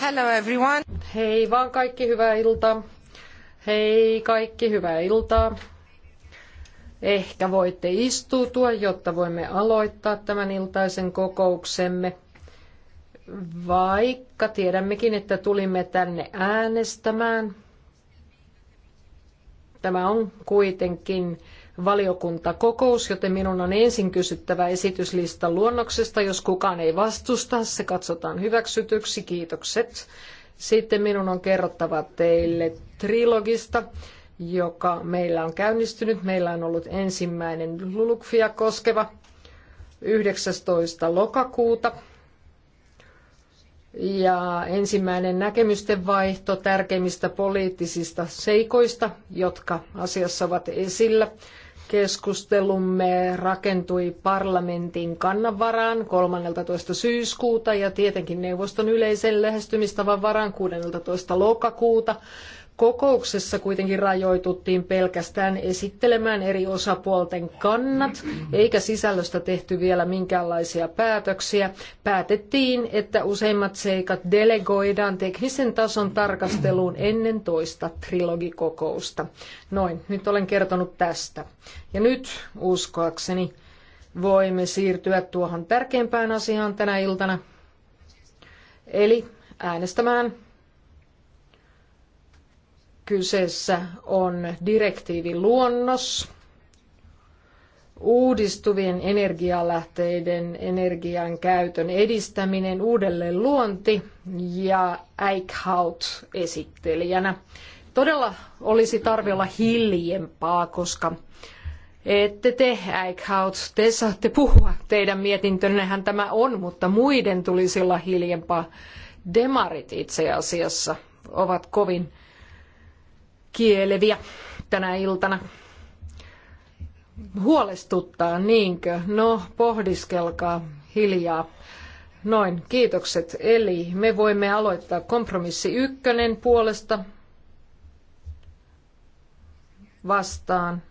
Hello everyone. Hei vaan kaikki hyvää iltaa. Hei kaikki hyvää iltaa. Ehkä voitte istuutua, jotta voimme aloittaa tämän iltaisen kokouksemme. Vaikka tiedämmekin, että tulimme tänne äänestämään, tämä on kuitenkin valiokuntakokous, joten minun on ensin kysyttävä esityslistan luonnoksesta. Jos kukaan ei vastusta, se katsotaan hyväksytyksi. Kiitokset. Sitten minun on kerrottava teille trilogista, joka meillä on käynnistynyt. Meillä on ollut ensimmäinen Lulukfia koskeva 19. lokakuuta. Ja ensimmäinen näkemysten vaihto tärkeimmistä poliittisista seikoista, jotka asiassa ovat esillä. Keskustelumme rakentui parlamentin kannanvaraan 13. syyskuuta ja tietenkin neuvoston yleisen lähestymistavan varaan 16. lokakuuta kokouksessa kuitenkin rajoituttiin pelkästään esittelemään eri osapuolten kannat, eikä sisällöstä tehty vielä minkäänlaisia päätöksiä. Päätettiin, että useimmat seikat delegoidaan teknisen tason tarkasteluun ennen toista trilogikokousta. Noin, nyt olen kertonut tästä. Ja nyt uskoakseni voimme siirtyä tuohon tärkeimpään asiaan tänä iltana, eli äänestämään Kyseessä on direktiivin luonnos uudistuvien energialähteiden energian käytön edistäminen, uudelleen luonti ja Eichhout esittelijänä. Todella olisi tarve olla hiljempaa, koska ette te, Eichhout, te saatte puhua teidän mietintönnehän tämä on, mutta muiden tulisi olla hiljempaa. Demarit itse asiassa ovat kovin kieleviä tänä iltana. Huolestuttaa, niinkö? No, pohdiskelkaa hiljaa. Noin, kiitokset. Eli me voimme aloittaa kompromissi ykkönen puolesta vastaan.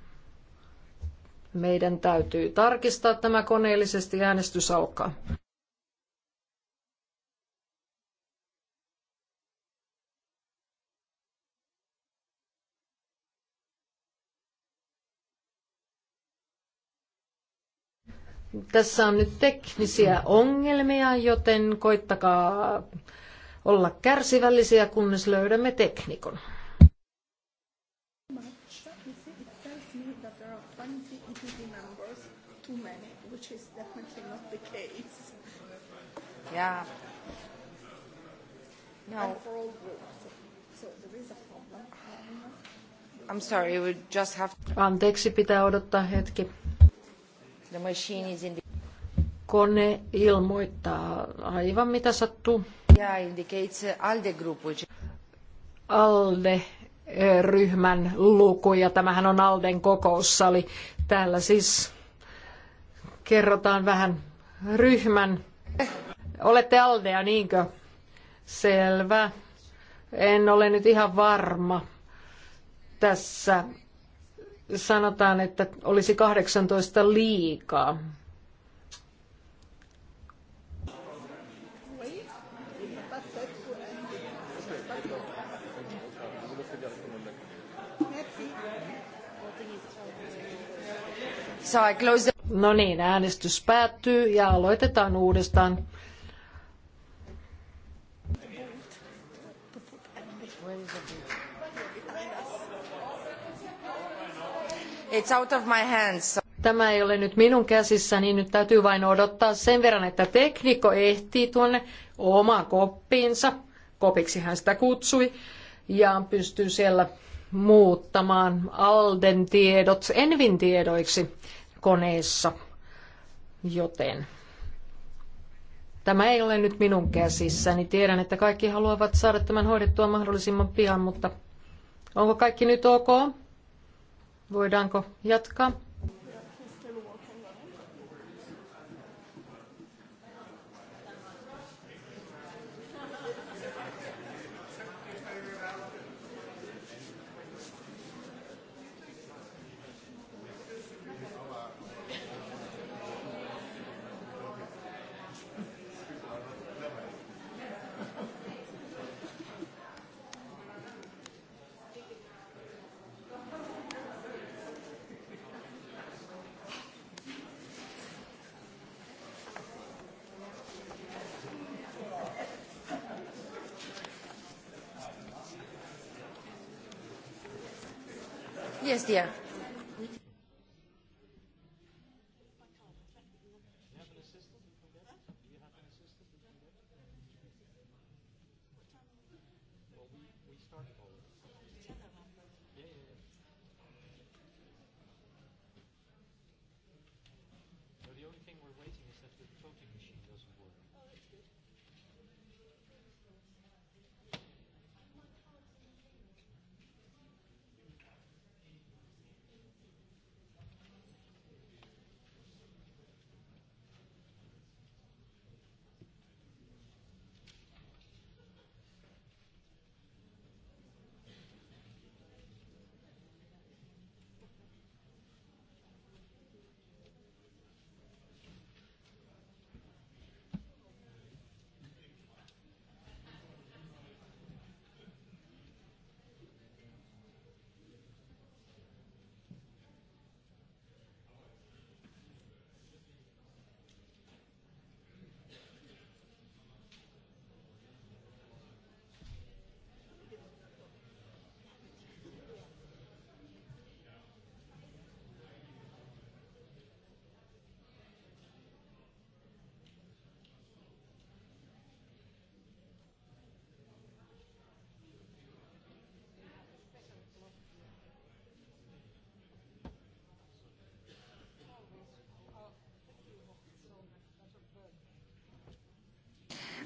Meidän täytyy tarkistaa tämä koneellisesti. Äänestys alkaa. Tässä on nyt teknisiä ongelmia, joten koittakaa olla kärsivällisiä, kunnes löydämme teknikon. Yeah. No. I'm sorry, just have to... Anteeksi, pitää odottaa hetki. The machine is in the... Kone ilmoittaa aivan mitä sattuu. Yeah, indicates uh, ALDE group, which... ALDE eh, ryhmän luku, ja tämähän on Alden kokoussali. Täällä siis kerrotaan vähän ryhmän. Olette Aldea, niinkö? Selvä. En ole nyt ihan varma tässä sanotaan, että olisi 18 liikaa. No niin, äänestys päättyy ja aloitetaan uudestaan. It's out of my hands. Tämä ei ole nyt minun käsissäni, niin nyt täytyy vain odottaa sen verran, että teknikko ehtii tuonne oma koppiinsa, kopiksi hän sitä kutsui, ja pystyy siellä muuttamaan Alden tiedot Envin tiedoiksi koneessa. Joten tämä ei ole nyt minun käsissäni. Niin tiedän, että kaikki haluavat saada tämän hoidettua mahdollisimman pian, mutta onko kaikki nyt ok? Voidaanko jatkaa? justicia.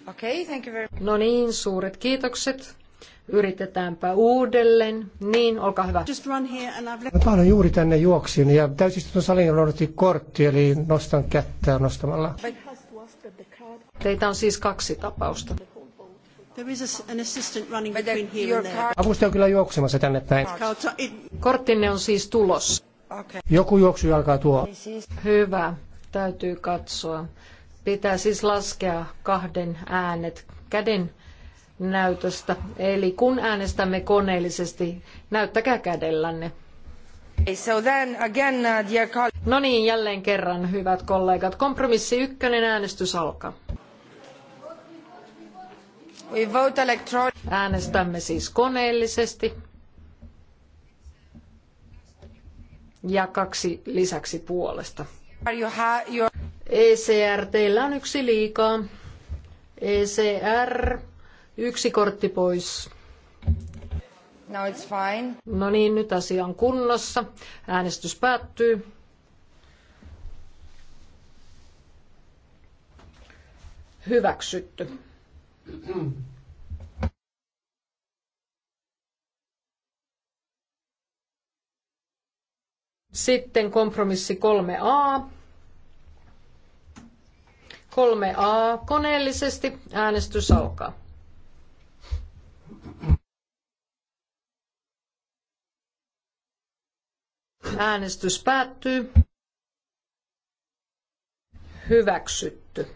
Okay, thank you very... No niin, suuret kiitokset. Yritetäänpä uudelleen. Niin, olkaa hyvä. Just run here and I've... Mä pahoin juuri tänne juoksin ja täysistun salin noudattiin kortti, eli nostan kättä nostamalla. Teitä on siis kaksi tapausta. Avustaja on kyllä juoksemassa tänne päin. Korttinne on siis tulos. Okay. Joku alkaa tuo. Hyvä, täytyy katsoa. Pitää siis laskea kahden äänet käden näytöstä. Eli kun äänestämme koneellisesti, näyttäkää kädellänne. Uh, no niin, jälleen kerran, hyvät kollegat. Kompromissi ykkönen äänestys alkaa. Äänestämme siis koneellisesti. Ja kaksi lisäksi puolesta. ECR, teillä on yksi liikaa. ECR, yksi kortti pois. it's fine. No niin, nyt asia on kunnossa. Äänestys päättyy. Hyväksytty. Sitten kompromissi 3a. 3a koneellisesti. Äänestys alkaa. Äänestys päättyy. Hyväksytty.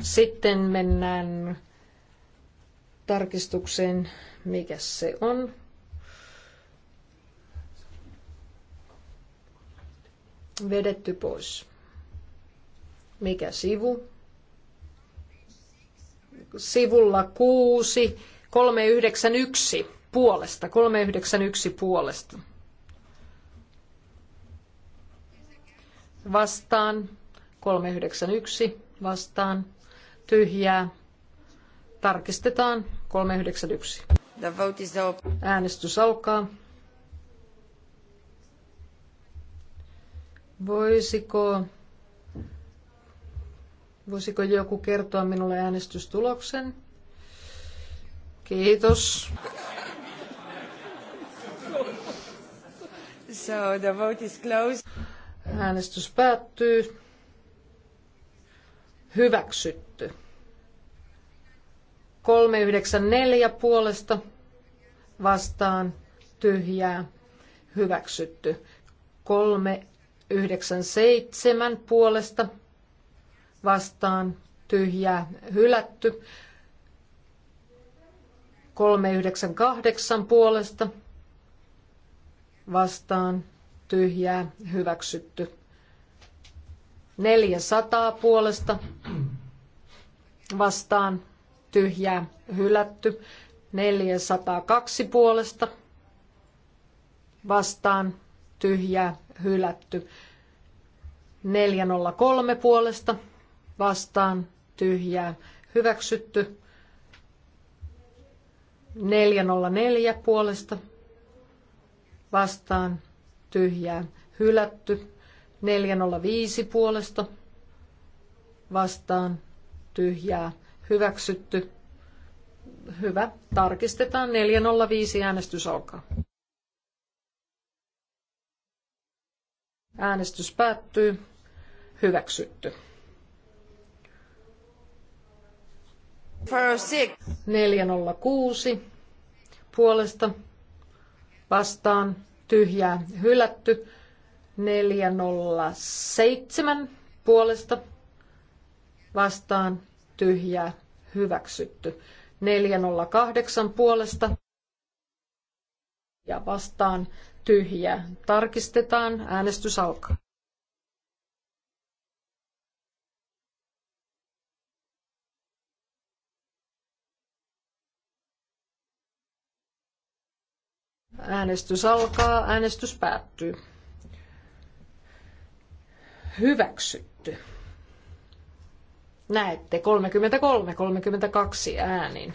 Sitten mennään tarkistukseen, mikä se on. vedetty pois. Mikä sivu? Sivulla 6, 391 puolesta, 391 puolesta. Vastaan, 391 vastaan, tyhjää. Tarkistetaan, 391. Äänestys alkaa. Voisiko, voisiko joku kertoa minulle äänestystuloksen? Kiitos. So the vote is closed. Äänestys päättyy. Hyväksytty. 394 puolesta vastaan tyhjää hyväksytty. 3 97 puolesta vastaan tyhjää hylätty. 398 puolesta vastaan tyhjää hyväksytty. 400 puolesta vastaan tyhjää hylätty. 402 puolesta vastaan tyhjää hylätty. 403 puolesta vastaan tyhjää hyväksytty. 404 puolesta vastaan tyhjää hylätty. 405 puolesta vastaan tyhjää hyväksytty. Hyvä. Tarkistetaan 405 äänestys alkaa. Äänestys päättyy. Hyväksytty. 406 puolesta vastaan tyhjää hylätty. 407 puolesta vastaan tyhjää hyväksytty. 408 puolesta ja vastaan Tyhjä. Tarkistetaan. Äänestys alkaa. Äänestys alkaa, äänestys päättyy. Hyväksytty. Näette, 33-32 äänin.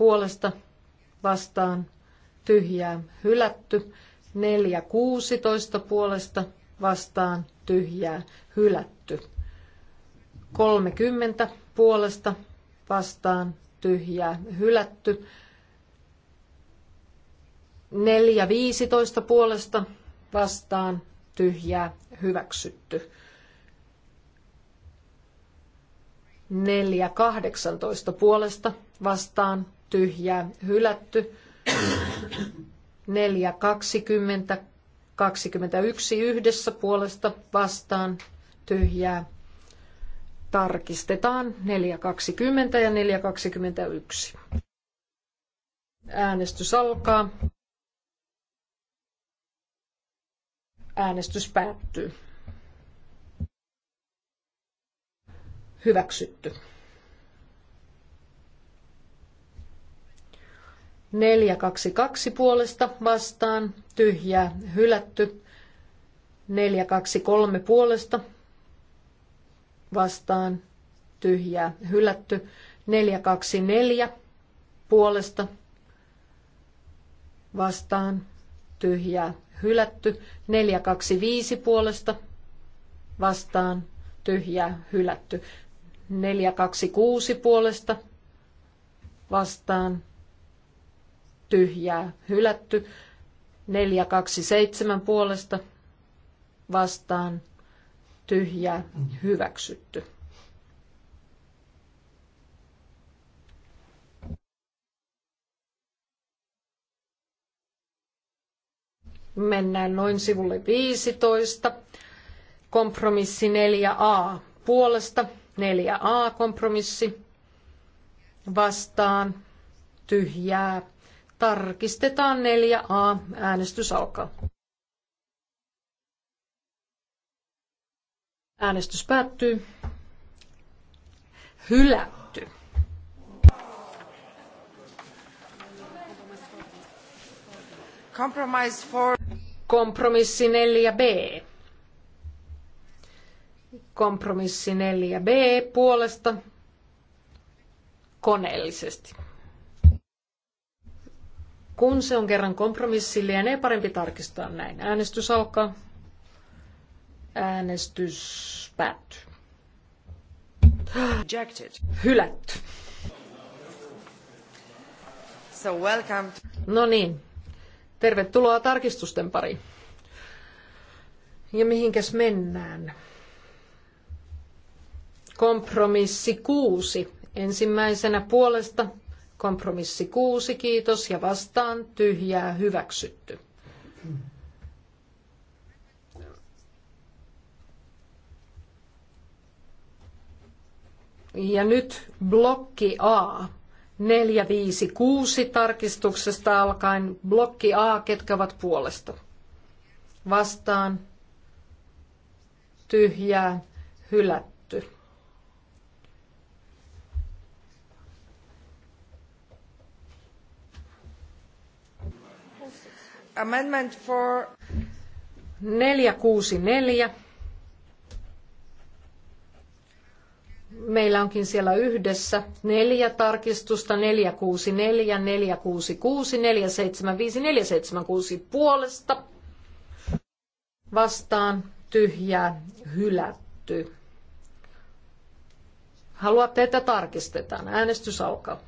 puolesta vastaan tyhjää hylätty. 4, 16 puolesta vastaan tyhjää hylätty. 30 puolesta vastaan tyhjää hylätty. 4, 15 puolesta vastaan tyhjää hyväksytty. neljä kahdeksantoista puolesta vastaan tyhjä, hylätty. 4, 20, 21 yhdessä puolesta vastaan tyhjää. Tarkistetaan 4.20 ja 4.21. Äänestys alkaa. Äänestys päättyy. Hyväksytty. 422 puolesta vastaan, tyhjää hylätty. 423 puolesta vastaan, tyhjää hylätty. 424 puolesta vastaan, tyhjää hylätty. 425 puolesta vastaan, tyhjää hylätty. 426 puolesta vastaan, tyhjää hylätty. 427 puolesta vastaan tyhjää hyväksytty. Mennään noin sivulle 15. Kompromissi 4a puolesta. 4a kompromissi vastaan tyhjää Tarkistetaan 4a. Äänestys alkaa. Äänestys päättyy. Hylätty. Compromise for... Kompromissi 4b. Kompromissi 4b puolesta koneellisesti. Kun se on kerran kompromissi, lienee parempi tarkistaa näin. Äänestys alkaa. Äänestys päättyy. Rejected. Hylätty. So welcome. No niin. Tervetuloa tarkistusten pariin. Ja mihinkäs mennään? Kompromissi kuusi. Ensimmäisenä puolesta Kompromissi kuusi, kiitos ja vastaan tyhjää hyväksytty. Ja nyt blokki A. 456 tarkistuksesta alkaen blokki A, ketkä ovat puolesta. Vastaan tyhjää hylätty Amendment for... 464. Meillä onkin siellä yhdessä neljä tarkistusta, 464, 466, 475, 476 puolesta. Vastaan tyhjää hylätty. Haluatte, että tarkistetaan. Äänestys alkaa.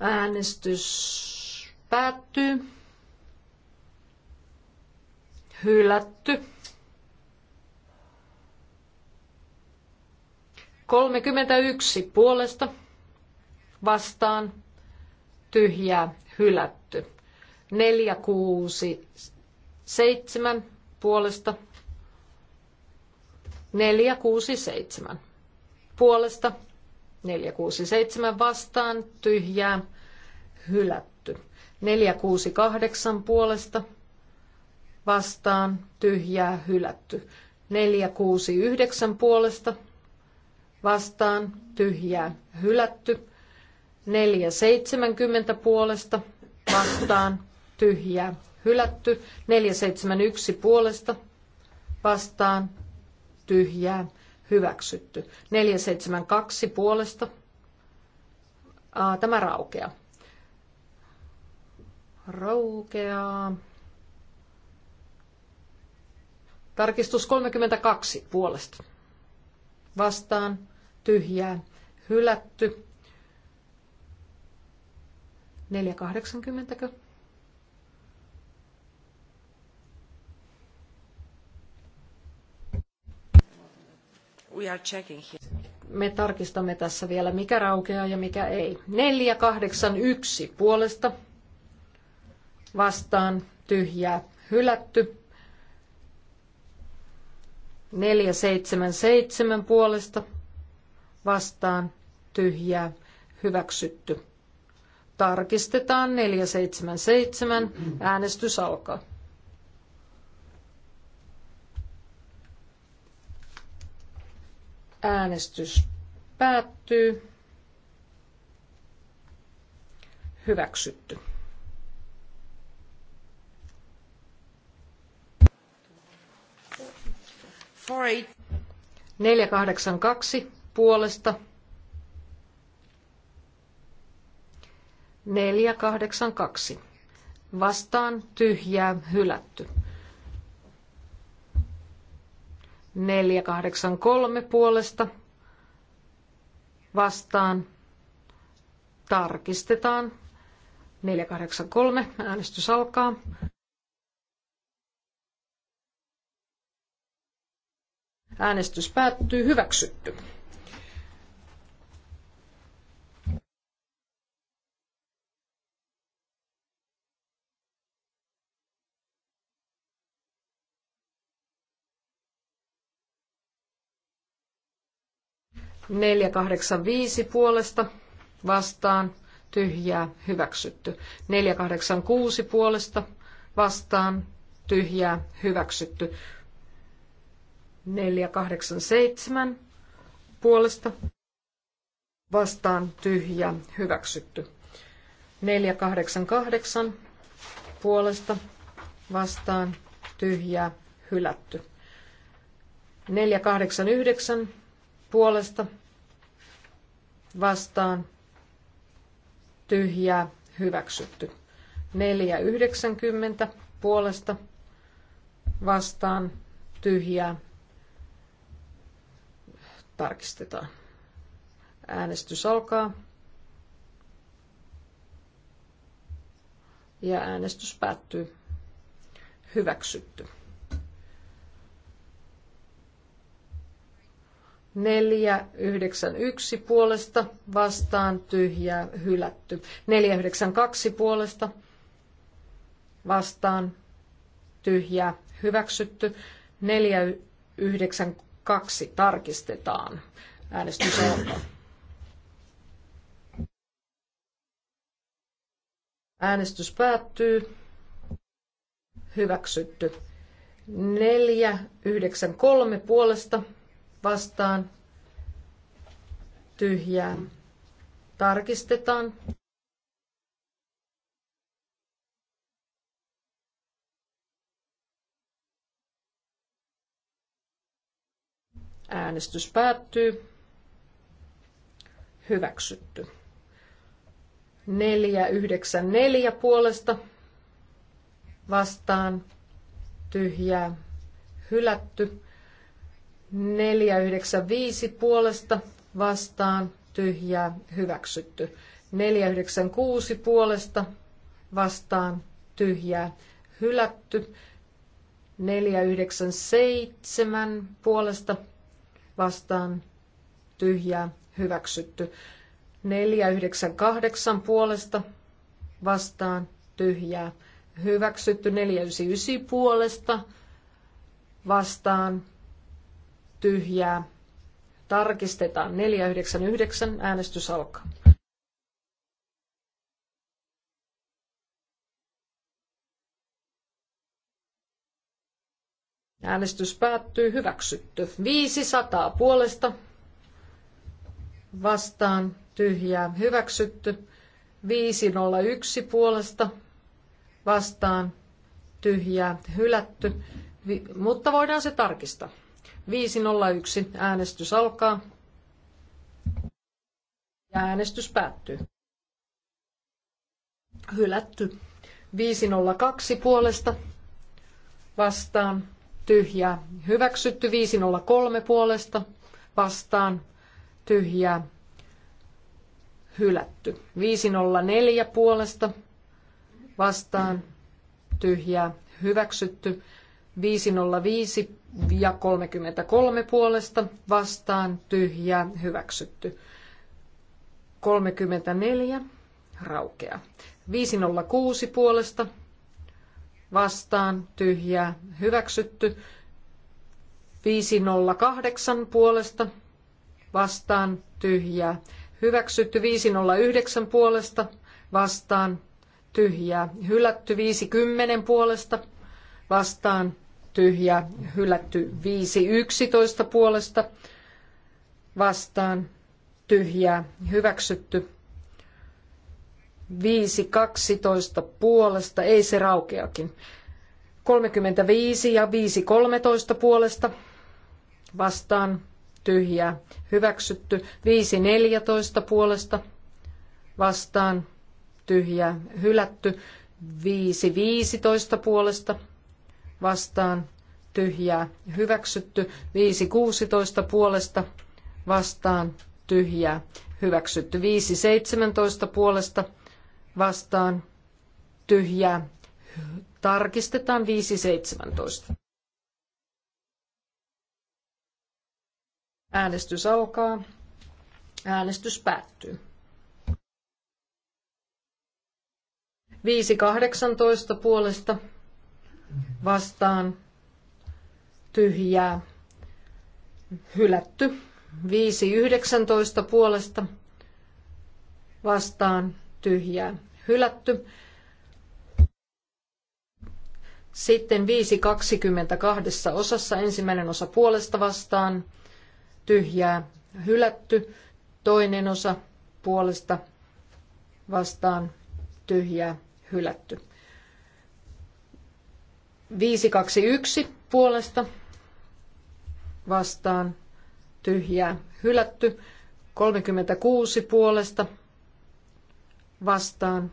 Äänestys päättyy. Hylätty. 31 puolesta vastaan tyhjää hylätty. 4, 6, 7 puolesta. 4, 6, 7 puolesta 467 vastaan tyhjää hylätty. 468 puolesta vastaan tyhjää hylätty. 469 puolesta vastaan tyhjää hylätty. 470 puolesta vastaan tyhjää hylätty. 471 puolesta vastaan tyhjää hyväksytty. 472 puolesta. Aa, tämä raukea. Raukeaa. Tarkistus 32 puolesta. Vastaan. Tyhjää. Hylätty. 480. we are checking here. Me tarkistamme tässä vielä, mikä raukeaa ja mikä ei. 481 puolesta vastaan tyhjää hylätty. 477 puolesta vastaan tyhjää hyväksytty. Tarkistetaan 477. Äänestys alkaa. Äänestys päättyy. Hyväksytty. Neljä puolesta. Neljä Vastaan tyhjää hylätty. 483 puolesta vastaan. Tarkistetaan. 483. Äänestys alkaa. Äänestys päättyy. Hyväksytty. 485 puolesta vastaan tyhjää hyväksytty. 486 puolesta vastaan tyhjää hyväksytty. 487 puolesta vastaan tyhjää hyväksytty. 488 puolesta vastaan tyhjää hylätty. 489 puolesta vastaan tyhjää hyväksytty. 490 puolesta vastaan tyhjää tarkistetaan. Äänestys alkaa. Ja äänestys päättyy. Hyväksytty. 491 puolesta vastaan tyhjää hylätty. 492 puolesta vastaan tyhjää hyväksytty. 492 tarkistetaan. Äänestys on. Äänestys päättyy. Hyväksytty. 493 puolesta vastaan tyhjää. Tarkistetaan. Äänestys päättyy. Hyväksytty. 494 puolesta vastaan tyhjää hylätty. 495 puolesta vastaan tyhjää hyväksytty. 496 puolesta vastaan tyhjää hylätty. 497 puolesta vastaan tyhjää hyväksytty. 498 puolesta vastaan tyhjää hyväksytty. 499 puolesta vastaan tyhjää. Tarkistetaan 499. Äänestys alkaa. Äänestys päättyy hyväksytty. 500 puolesta vastaan tyhjää hyväksytty. 501 puolesta vastaan tyhjää hylätty, mutta voidaan se tarkistaa. 501. Äänestys alkaa. Ja äänestys päättyy. Hylätty. 502 puolesta vastaan tyhjää. Hyväksytty 503 puolesta vastaan tyhjää. Hylätty. 504 puolesta vastaan tyhjää. Hyväksytty 505 ja 33 puolesta vastaan tyhjää hyväksytty. 34 raukea. 506 puolesta vastaan tyhjää hyväksytty. 508 puolesta vastaan tyhjää hyväksytty. 509 puolesta vastaan tyhjää hylätty. 510 puolesta vastaan tyhjä, hylätty 5 11 puolesta vastaan tyhjä, hyväksytty 5 12 puolesta ei se raukeakin 35 ja viisi kolmetoista puolesta vastaan tyhjää hyväksytty viisi neljätoista puolesta vastaan tyhjää hylätty viisi 15 puolesta vastaan tyhjää hyväksytty. 5.16 puolesta vastaan tyhjää hyväksytty. 5.17 puolesta vastaan tyhjää tarkistetaan 5.17. Äänestys alkaa. Äänestys päättyy. 5.18 puolesta vastaan tyhjää hylätty. 5.19 puolesta vastaan tyhjää hylätty. Sitten 5.22 osassa ensimmäinen osa puolesta vastaan tyhjää hylätty. Toinen osa puolesta vastaan tyhjää hylätty. 521 puolesta vastaan tyhjää hylätty. 36 puolesta vastaan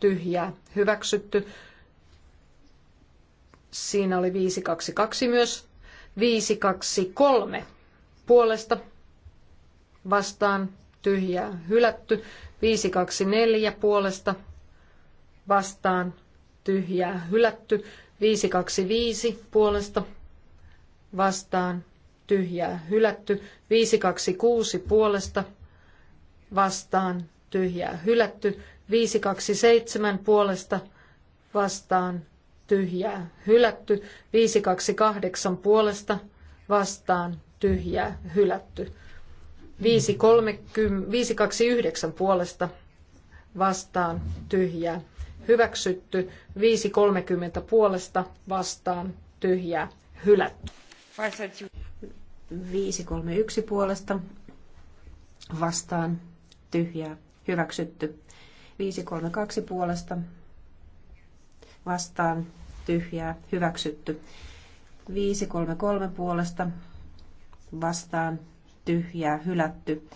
tyhjää hyväksytty. Siinä oli 522 myös. 523 puolesta vastaan tyhjää hylätty. 524 puolesta vastaan tyhjää hylätty. 525 puolesta vastaan tyhjää hylätty. 526 puolesta vastaan tyhjää hylätty. 527 puolesta vastaan tyhjää hylätty. 528 puolesta vastaan tyhjää hylätty. 529 puolesta vastaan tyhjää hyväksytty, 5.30 puolesta vastaan tyhjää hylätty. 531 puolesta vastaan tyhjää hyväksytty. 532 puolesta vastaan tyhjää hyväksytty. 533 puolesta vastaan tyhjää hylätty.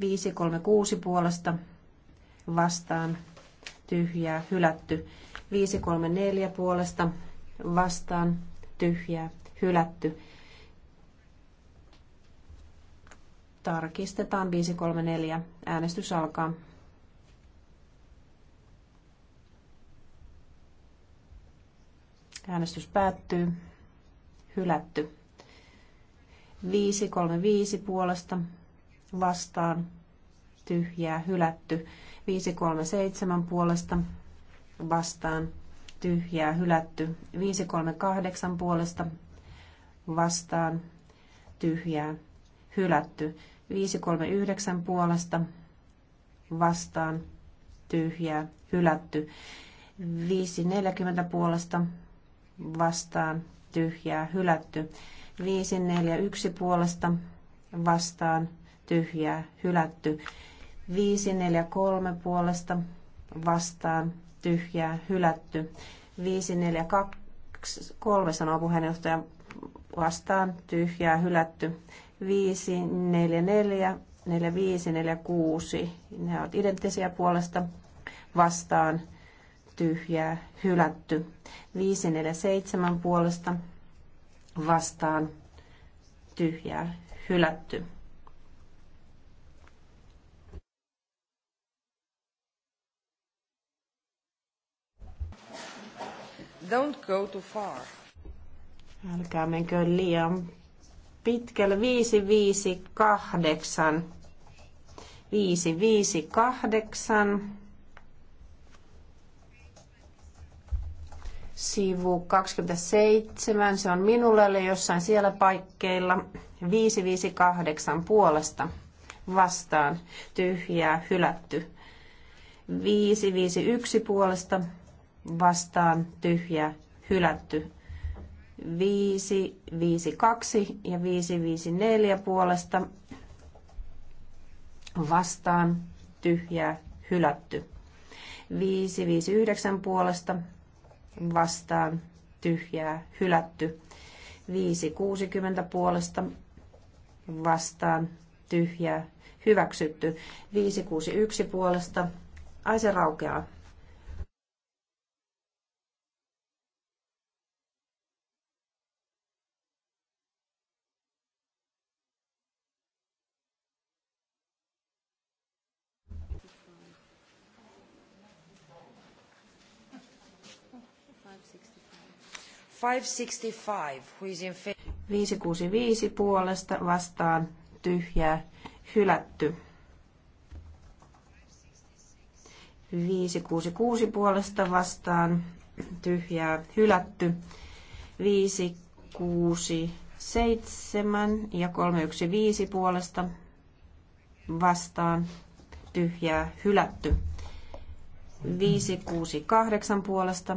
536 puolesta vastaan tyhjää, hylätty. 534 puolesta vastaan, tyhjää, hylätty. Tarkistetaan 534. Äänestys alkaa. Äänestys päättyy. Hylätty. 535 puolesta vastaan tyhjää hylätty. 537 puolesta vastaan tyhjää hylätty. 538 puolesta vastaan tyhjää hylätty. 539 puolesta vastaan tyhjää hylätty. 540 puolesta vastaan tyhjää hylätty. 541 puolesta vastaan tyhjää hylätty. 543 puolesta vastaan tyhjää hylätty. 542 sanoo puheenjohtaja vastaan tyhjää hylätty. 544 45, 46. Ne ovat identtisiä puolesta vastaan tyhjää hylätty. 547 puolesta vastaan tyhjää hylätty. Don't go too far. Älkää menkö liian pitkälle. 558. 558. Sivu 27, se on minulle oli jossain siellä paikkeilla. 558 puolesta vastaan tyhjää hylätty. 551 puolesta vastaan tyhjä hylätty. 2 ja 4 puolesta vastaan tyhjä hylätty. 9 puolesta vastaan tyhjää hylätty. 60 puolesta vastaan tyhjää hyväksytty. 1 puolesta ai se raukeaa. 565, 565 puolesta vastaan tyhjää hylätty. 566 puolesta vastaan tyhjää hylätty. 567 ja 315 puolesta vastaan tyhjää hylätty. 568 puolesta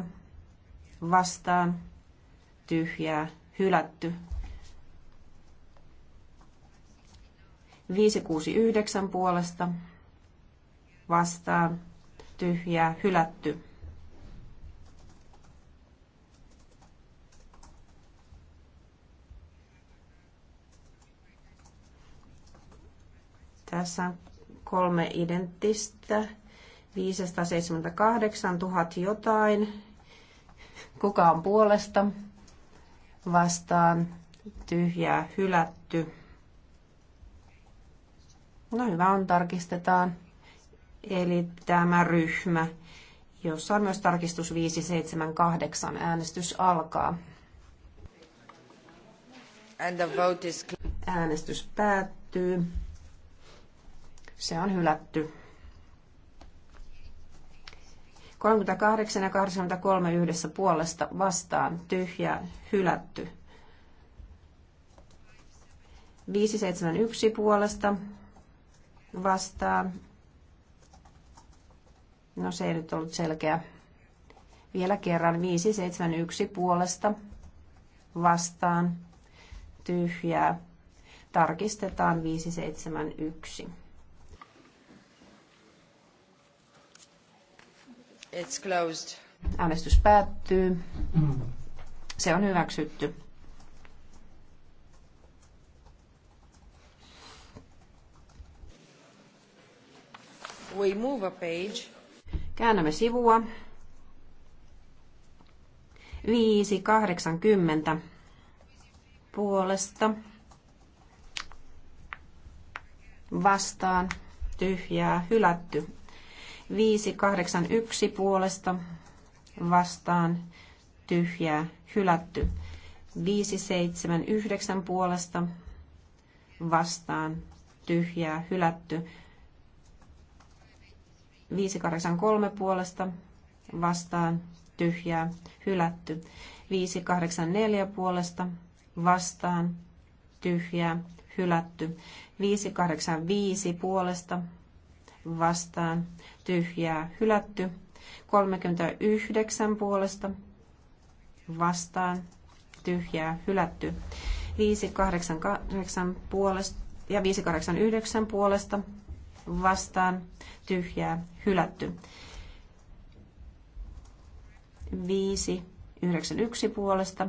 vastaan tyhjää, hylätty. 569 puolesta vastaan, tyhjää, hylätty. Tässä on kolme identtistä. 578 000 jotain. Kuka on puolesta? vastaan tyhjää hylätty. No hyvä on, tarkistetaan. Eli tämä ryhmä, jossa on myös tarkistus 578. Äänestys alkaa. And the vote is... Äänestys päättyy. Se on hylätty. 38 ja 83 yhdessä puolesta vastaan tyhjää hylätty. 571 puolesta vastaan. No se ei nyt ollut selkeä. Vielä kerran 571 puolesta vastaan tyhjää. Tarkistetaan 571. It's closed. Äänestys päättyy. Se on hyväksytty. We move a page. Käännämme sivua. 5.80 puolesta vastaan tyhjää hylätty 581 puolesta vastaan tyhjää hylätty. 579 puolesta vastaan tyhjää hylätty. 583 puolesta vastaan tyhjää hylätty. 584 puolesta vastaan tyhjää hylätty. 585 puolesta vastaan tyhjää hylätty. 39 puolesta vastaan tyhjää hylätty. 588 puolesta ja 589 puolesta vastaan tyhjää hylätty. 591 puolesta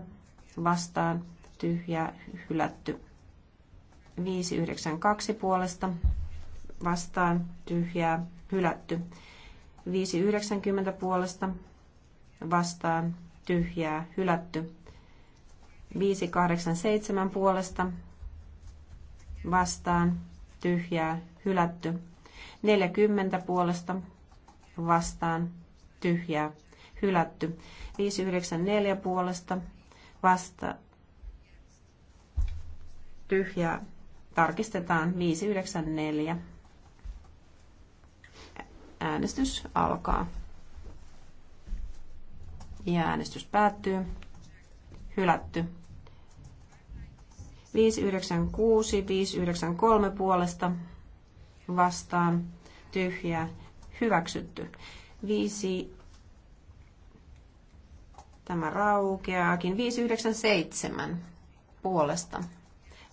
vastaan tyhjää hylätty. 592 puolesta vastaan tyhjää hylätty. 590 puolesta vastaan tyhjää hylätty. 587 puolesta vastaan tyhjää hylätty. 40 puolesta vastaan tyhjää hylätty. 594 puolesta vasta tyhjää tarkistetaan 594. Äänestys alkaa. Ja äänestys päättyy. Hylätty. 596, 593 puolesta vastaan. Tyhjää. Hyväksytty. 5 Tämä raukeaakin. 597 puolesta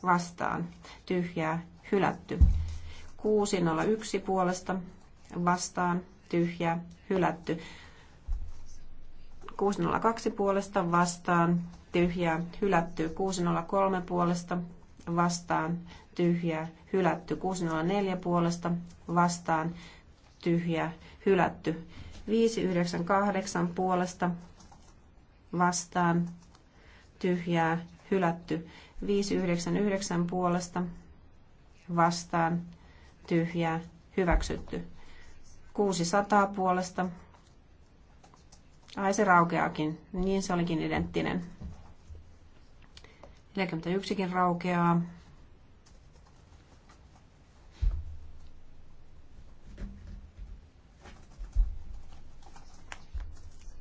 vastaan. Tyhjää. Hylätty. 601 puolesta vastaan tyhjä, hylätty. 602 puolesta vastaan tyhjä, hylätty. 603 puolesta vastaan tyhjä, hylätty. 604 puolesta vastaan tyhjä, hylätty. 598 puolesta vastaan tyhjää hylätty. 599 puolesta vastaan tyhjää hyväksytty. 600 puolesta. Ai se raukeakin. Niin se olikin identtinen. 41kin raukeaa.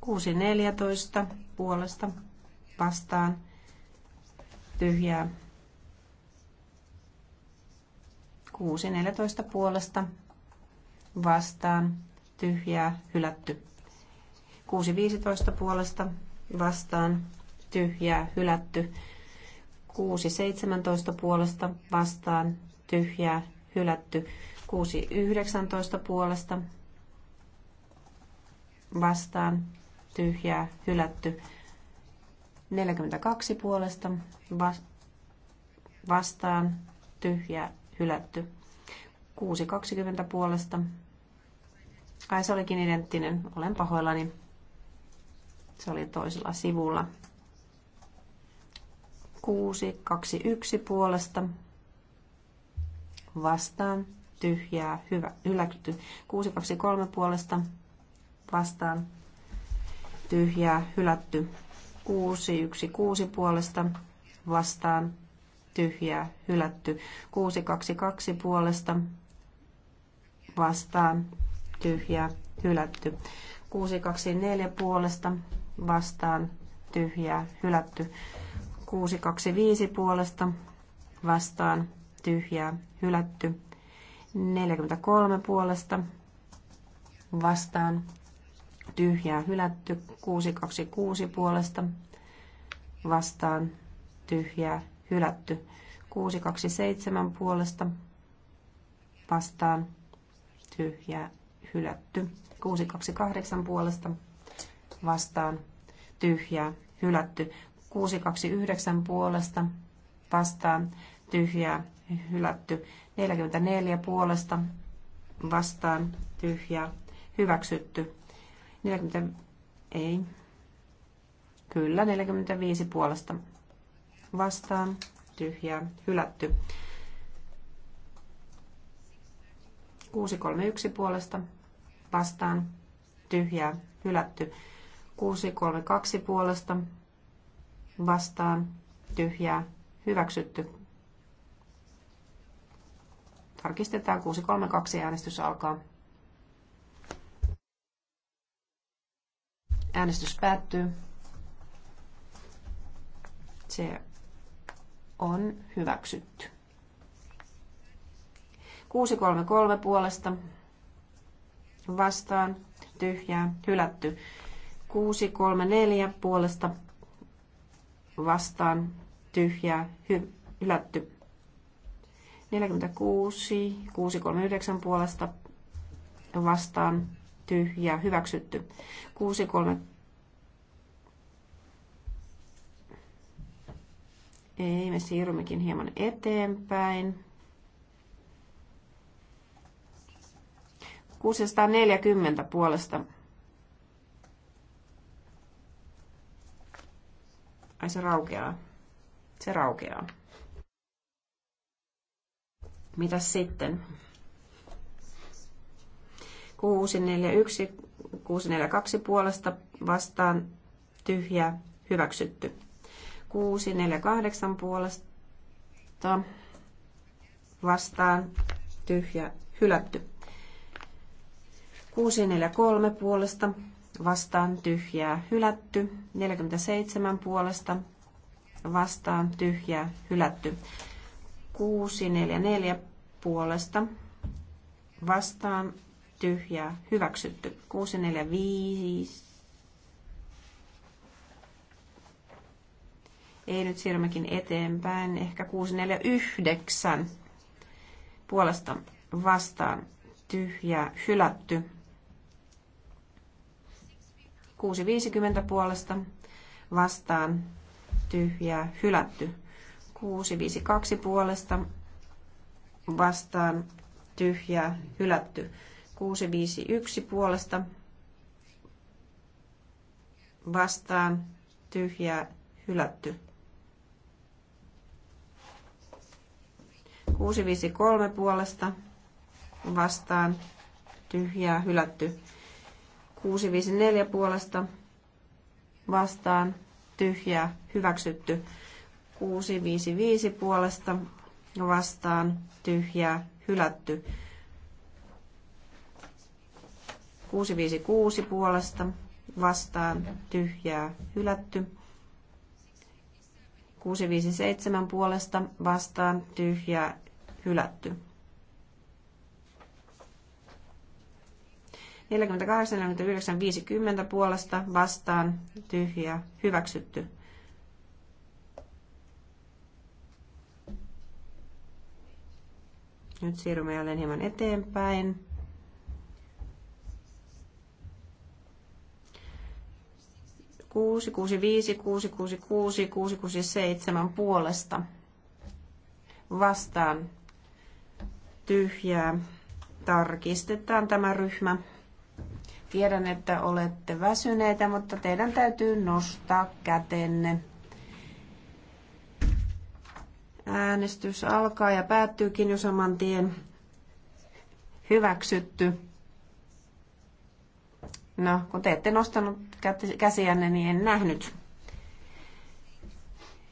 Kuusi neljätoista puolesta vastaan tyhjää. kuusi neljätoista puolesta vastaan, tyhjää, hylätty. 6.15 puolesta vastaan, tyhjää, hylätty. 6.17 puolesta vastaan, tyhjää, hylätty. 6.19 puolesta vastaan, tyhjää, hylätty. 42 puolesta vastaan, tyhjää, hylätty. 6.20 puolesta Ai se olikin identtinen, olen pahoillani. Se oli toisella sivulla. 6, 2, 1 puolesta. Vastaan, tyhjää, hyvä, hylätty. 6, 2, 3 puolesta. Vastaan, tyhjää, hylätty. 6, 1, 6 puolesta. Vastaan, tyhjää, hylätty. 6, 2, 2 puolesta. Vastaan, tyhjää hylätty. 624 puolesta vastaan tyhjää hylätty. 625 puolesta vastaan tyhjää hylätty. 43 puolesta vastaan tyhjää hylätty. 626 puolesta vastaan tyhjää hylätty. 627 puolesta vastaan tyhjää hylätty. 628 puolesta vastaan tyhjää hylätty. 629 puolesta vastaan tyhjää hylätty. 44 puolesta vastaan tyhjää hyväksytty. 40 ei. Kyllä 45 puolesta vastaan tyhjää hylätty. 631 puolesta vastaan tyhjää hylätty. 632 puolesta vastaan tyhjää hyväksytty. Tarkistetaan 632 äänestys alkaa. Äänestys päättyy. Se on hyväksytty. 633 puolesta vastaan tyhjää hylätty. 634 puolesta vastaan tyhjää hylätty. 46, 639 puolesta vastaan tyhjää hyväksytty. 63 Ei, me siirrymmekin hieman eteenpäin. 640 puolesta. Ai se raukeaa. Se raukeaa. Mitäs sitten? 641, 642 puolesta vastaan tyhjä, hyväksytty. 648 puolesta vastaan tyhjä, hylätty. 643 puolesta vastaan tyhjää hylätty. 47 puolesta vastaan tyhjää hylätty. 644 puolesta vastaan tyhjää hyväksytty. 645 Ei nyt siirrymmekin eteenpäin. Ehkä 649 puolesta vastaan tyhjää hylätty. 6.50 puolesta vastaan tyhjää hylätty. 6.52 puolesta vastaan tyhjää hylätty. 6.51 puolesta vastaan tyhjää hylätty. 653 puolesta vastaan tyhjää hylätty. 654 puolesta vastaan tyhjää hyväksytty. 655 puolesta vastaan tyhjää hylätty. 656 puolesta vastaan tyhjää hylätty. 657 puolesta vastaan tyhjää hylätty. 48.49.50 puolesta vastaan tyhjä hyväksytty. Nyt siirrymme jälleen hieman eteenpäin. Kuusi, kuusi, viisi, kuusi, kuusi, kuusi, kuusi, kuusi, seitsemän puolesta vastaan tyhjää. Tarkistetaan tämä ryhmä. Tiedän, että olette väsyneitä, mutta teidän täytyy nostaa kätenne. Äänestys alkaa ja päättyykin jo saman tien. Hyväksytty. No, kun te ette nostanut käsiänne, niin en nähnyt.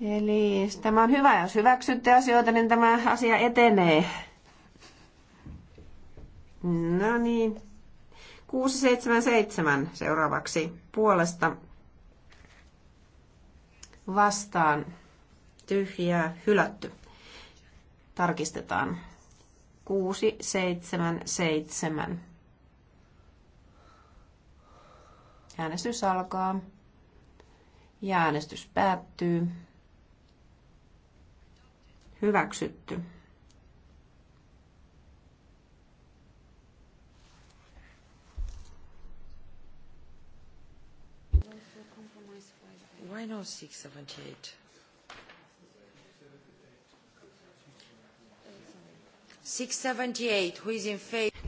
Eli tämä on hyvä. Jos hyväksytte asioita, niin tämä asia etenee. No niin, 677 seuraavaksi puolesta vastaan tyhjää hylätty. Tarkistetaan. 677. Äänestys alkaa ja äänestys päättyy. Hyväksytty.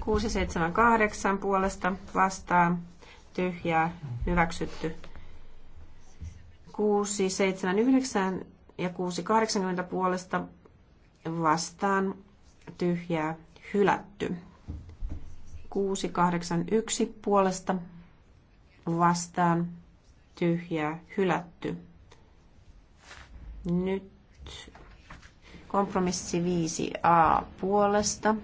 678 puolesta vastaan tyhjää hyväksytty. 679 ja 680 puolesta vastaan tyhjää hylätty. 681 puolesta vastaan tyhjää, hylätty. Nyt kompromissi 5a puolesta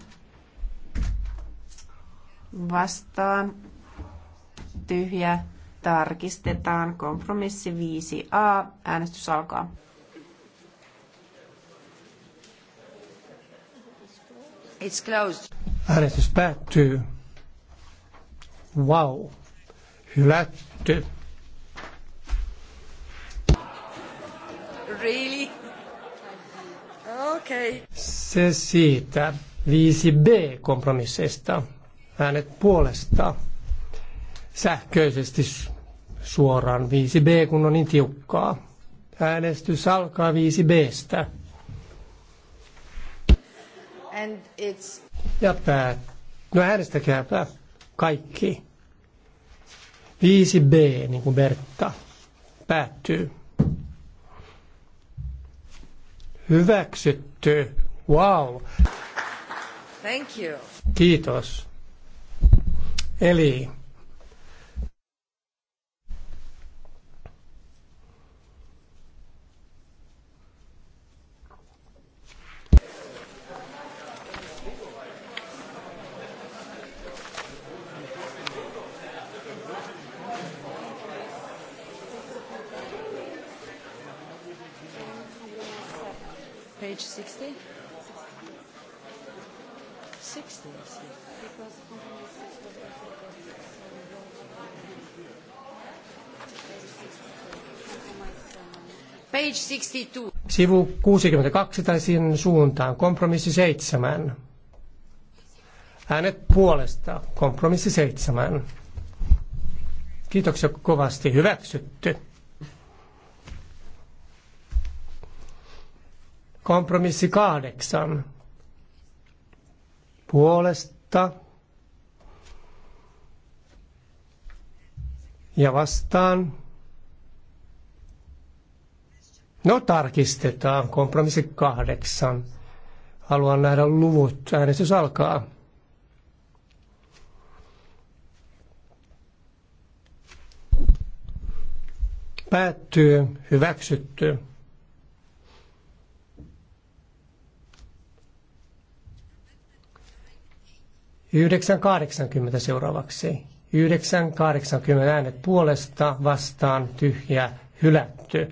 vastaan tyhjä tarkistetaan kompromissi 5a äänestys alkaa It's closed. Äänestys päättyy. Wow. Hylätty. Okay. Se siitä 5B-kompromisseista äänet puolesta sähköisesti suoraan 5B, kun on niin tiukkaa. Äänestys alkaa 5Bstä. And it's... Ja pää. No äänestäkääpä kaikki. 5B, niin kuin Bertta, päättyy. Hyväksytty. Wow. Thank you. Kiitos. Eli Sivu 62 tai siihen suuntaan. Kompromissi 7. Äänet puolesta. Kompromissi 7. Kiitoksia kovasti. Hyväksytty. Kompromissi 8. Puolesta. Ja vastaan No tarkistetaan. Kompromissi kahdeksan. Haluan nähdä luvut. Äänestys alkaa. Päättyy. Hyväksytty. Yhdeksän kahdeksankymmentä seuraavaksi. Yhdeksän kahdeksankymmentä äänet puolesta vastaan tyhjä hylätty.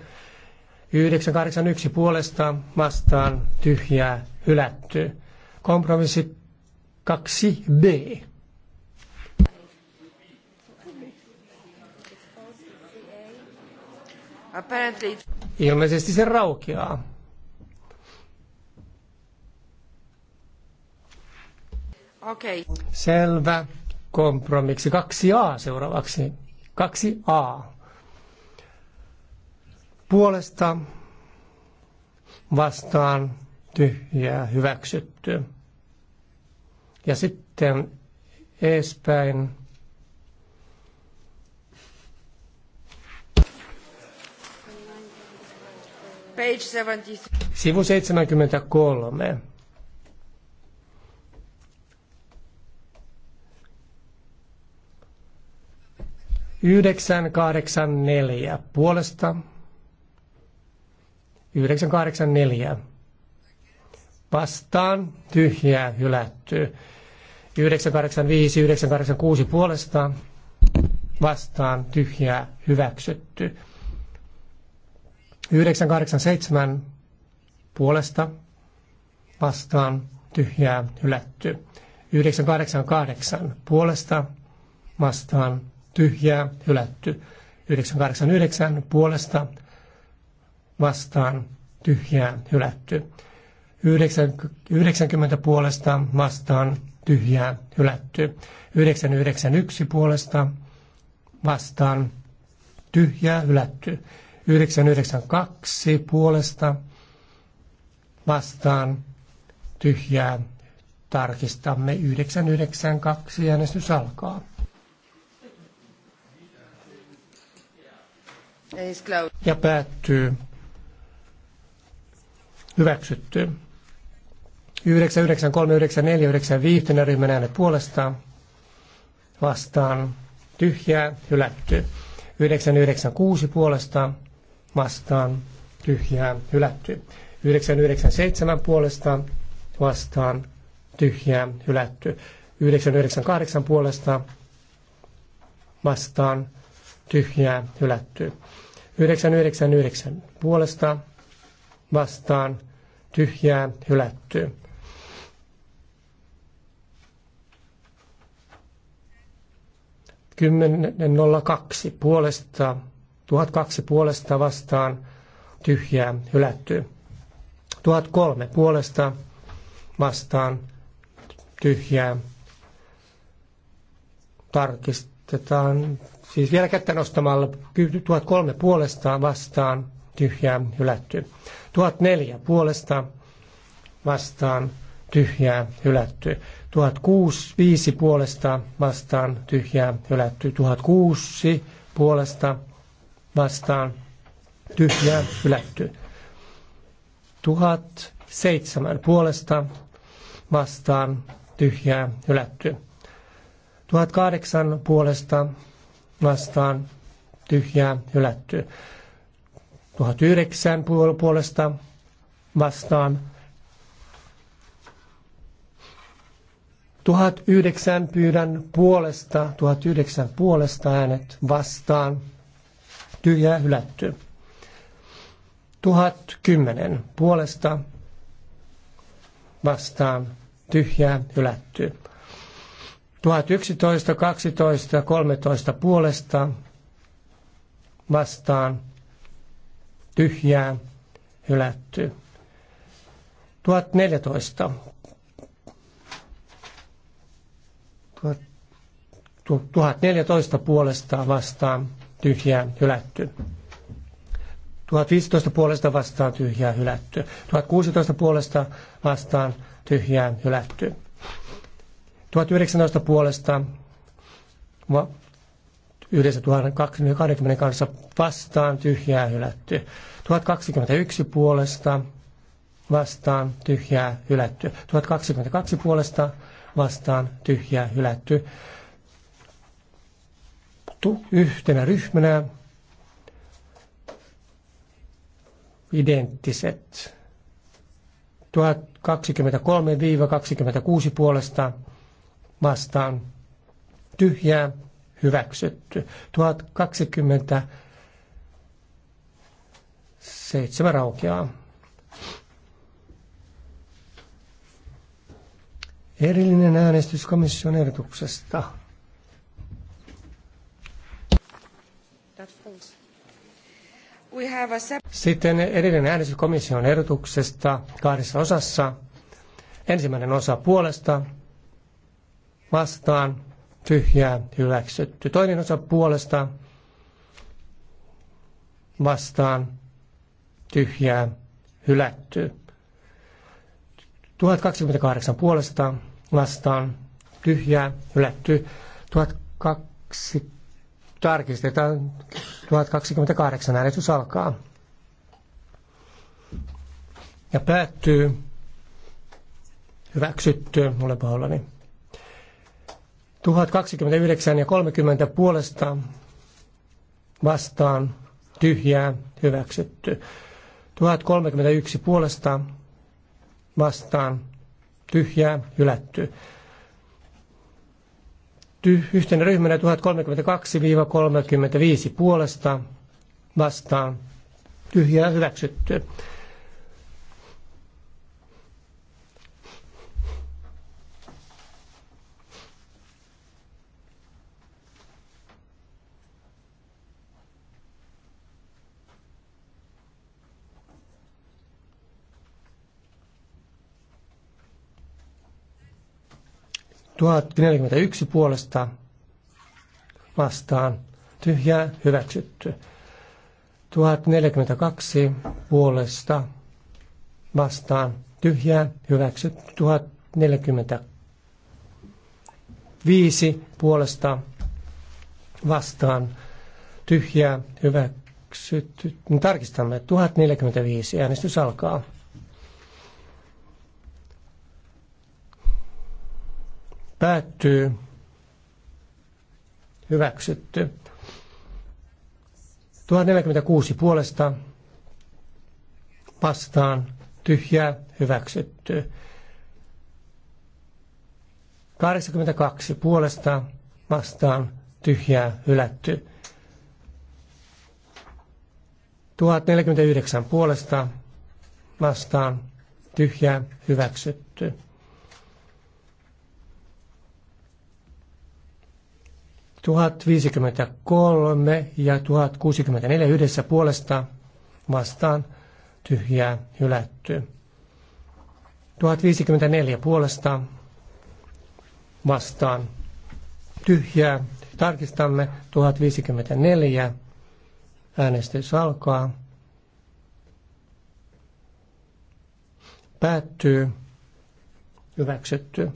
981 puolesta vastaan tyhjää hylätty. Kompromissi 2b. Ilmeisesti se raukeaa. Okay. Selvä. Kompromissi 2a seuraavaksi. 2a puolesta vastaan tyhjää hyväksytty. Ja sitten eespäin. Page 73. Sivu 73. Yhdeksän kahdeksan neljä puolesta 984. Vastaan tyhjää hylätty. 985, 986 puolestaan. vastaan tyhjää hyväksytty. 987 puolesta vastaan tyhjää hylätty. 988 puolesta vastaan tyhjää hylätty. 989 puolesta vastaan tyhjään hylätty. 90 puolesta vastaan tyhjään hylätty. 991 puolesta vastaan tyhjää hylätty. 992 puolesta vastaan tyhjää tarkistamme 992 äänestys alkaa. Ja päättyy. Hyväksytty. 99395 ryhmän äänet puolesta vastaan tyhjää hylätty. 996 puolesta vastaan tyhjää hylätty. 997 puolesta vastaan tyhjää hylätty. 998 puolesta vastaan tyhjää hylätty. 999 puolesta vastaan tyhjää hylätty. Kymmenen nolla kaksi puolesta, tuhat kaksi puolesta vastaan tyhjää hylätty. Tuhat kolme puolesta vastaan tyhjää tarkistetaan. Siis vielä kättä nostamalla 1003 puolestaan vastaan tyhjää hylätty. 1004 puolesta vastaan tyhjää hylätty. 1065 puolesta vastaan tyhjää hylätty. 1006 puolesta vastaan tyhjää hylätty. 1007 puolesta vastaan tyhjää hylätty. 1008 puolesta vastaan tyhjää hylätty. 1009 puolesta vastaan. 1009 pyydän puolesta, 1009 puolesta äänet vastaan. Tyhjää hylätty. 1010 puolesta vastaan. Tyhjää hylätty. 1011, 12, 13 puolesta vastaan tyhjää, hylätty. 1014. 1014 puolesta vastaan tyhjää hylätty. 1015 puolesta vastaan tyhjää hylätty. 1016 puolesta vastaan tyhjää hylätty. 1019 puolesta yhdessä 1020 kanssa vastaan tyhjää hylätty. 1021 puolesta vastaan tyhjää hylätty. 1022 puolesta vastaan tyhjää hylätty. Tu, yhtenä ryhmänä identtiset 1023-26 puolesta vastaan tyhjää hyväksytty. 1027 seitsemän raukeaa. Erillinen äänestys komission ehdotuksesta. Sitten erillinen äänestys komission ehdotuksesta kahdessa osassa. Ensimmäinen osa puolesta vastaan tyhjää hyväksytty. Toinen osa puolesta vastaan tyhjää hylätty. 1028 puolesta vastaan tyhjää hylätty. 1002, tarkistetaan 1028 äänestys alkaa. Ja päättyy hyväksytty, olen pahoillani. 1029 ja 30 puolesta vastaan tyhjää hyväksytty. 1031 puolesta vastaan tyhjää hylätty. Ty- yhtenä ryhmänä 1032-35 puolesta vastaan tyhjää hyväksytty. 1041 puolesta vastaan tyhjää hyväksytty. 1042 puolesta vastaan tyhjää hyväksytty. 1045 puolesta vastaan tyhjää hyväksytty. Tarkistamme 1045. Äänestys alkaa. Päättyy. Hyväksytty. 1046 puolesta vastaan tyhjää hyväksytty. 82 puolesta vastaan tyhjää hylätty. 1049 puolesta vastaan tyhjää hyväksytty. 1053 ja 1064 yhdessä puolesta vastaan tyhjää hylätty. 1054 puolesta vastaan tyhjää. Tarkistamme 1054. Äänestys alkaa. Päättyy. Hyväksytty.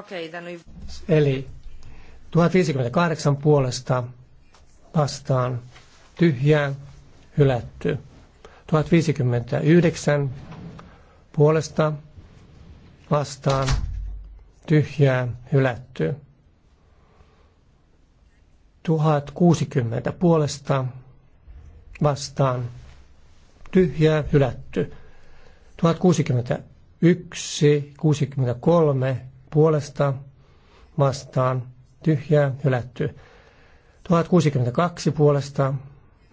Okay, Eli 1058 puolesta vastaan tyhjää hylätty. 1059 puolesta vastaan tyhjää hylätty. 1060 puolesta vastaan tyhjää hylätty. 1061, 63 puolesta vastaan tyhjää hylätty. 1062 puolesta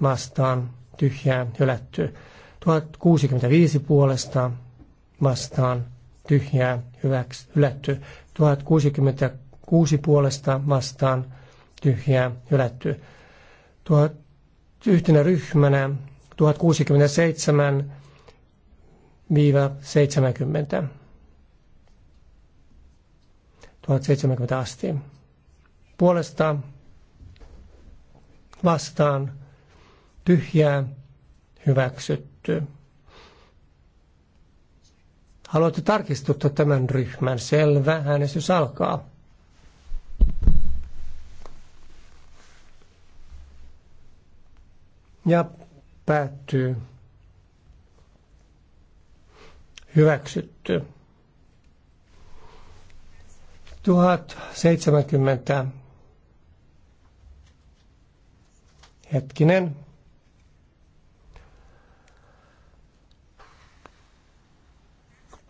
vastaan tyhjää hylätty. 1065 puolesta vastaan tyhjää hyväks, hylätty. 1066 puolesta vastaan tyhjää hylätty. Tuhat, yhtenä ryhmänä 1067-70 1070 asti. Puolesta vastaan tyhjää hyväksytty. Haluatte tarkistuttaa tämän ryhmän? Selvä, äänestys alkaa. Ja päättyy. Hyväksytty. 1070. Hetkinen.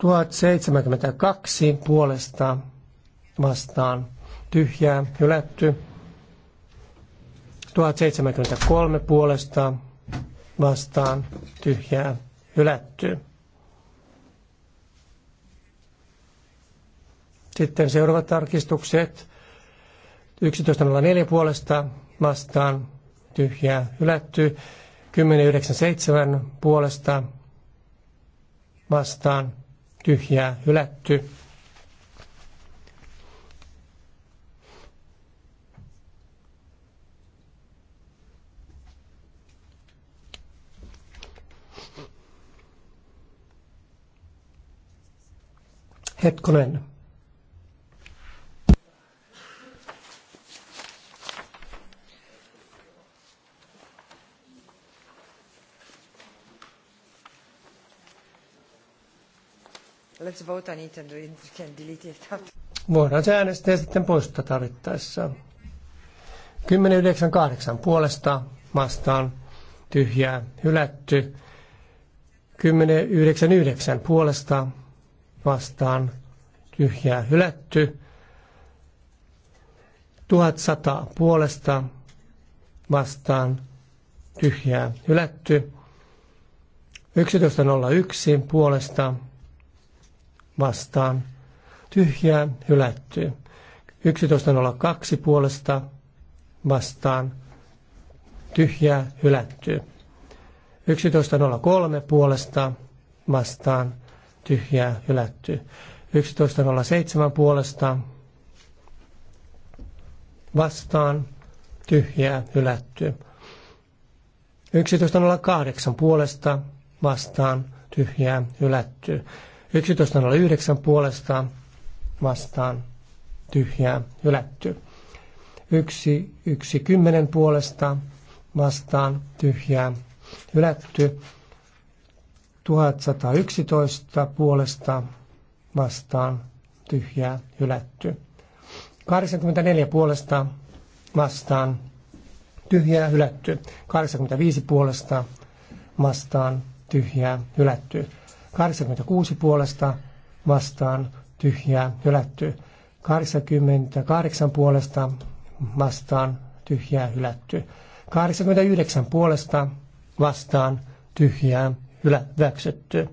Tuhat kaksi puolesta vastaan tyhjää hylätty. Tuhat kolme puolesta vastaan tyhjää hylätty. Sitten seuraavat tarkistukset. 11.04 puolesta vastaan tyhjää hylätty. 10.97 puolesta vastaan tyhjää hylätty. Hetkonen. let's vote on it and we can delete it after. Voidaan se äänestää sitten poistaa tarvittaessa. 10.98 puolesta vastaan tyhjää hylätty. 10.99 puolesta vastaan tyhjää hylätty. 1100 puolesta vastaan tyhjää hylätty. 11.01 puolesta vastaan, tyhjää, hylätty. 11.02 puolesta vastaan, tyhjää, hylätty. 11.03 puolesta vastaan, tyhjää, hylätty. 11.07 puolesta vastaan, tyhjää, hylätty. 11.08 puolesta vastaan, tyhjää, hylätty. 11.09 puolestaan vastaan tyhjää hylätty. 1.10 1, puolesta vastaan tyhjää hylätty. 1111 puolesta vastaan tyhjää hylätty. 84 puolesta vastaan tyhjää hylätty. 85 puolesta vastaan tyhjää hylätty. 86 puolesta vastaan tyhjää hylätty. 88 puolesta vastaan tyhjää hylätty. 89 puolesta vastaan tyhjää hyväksytty.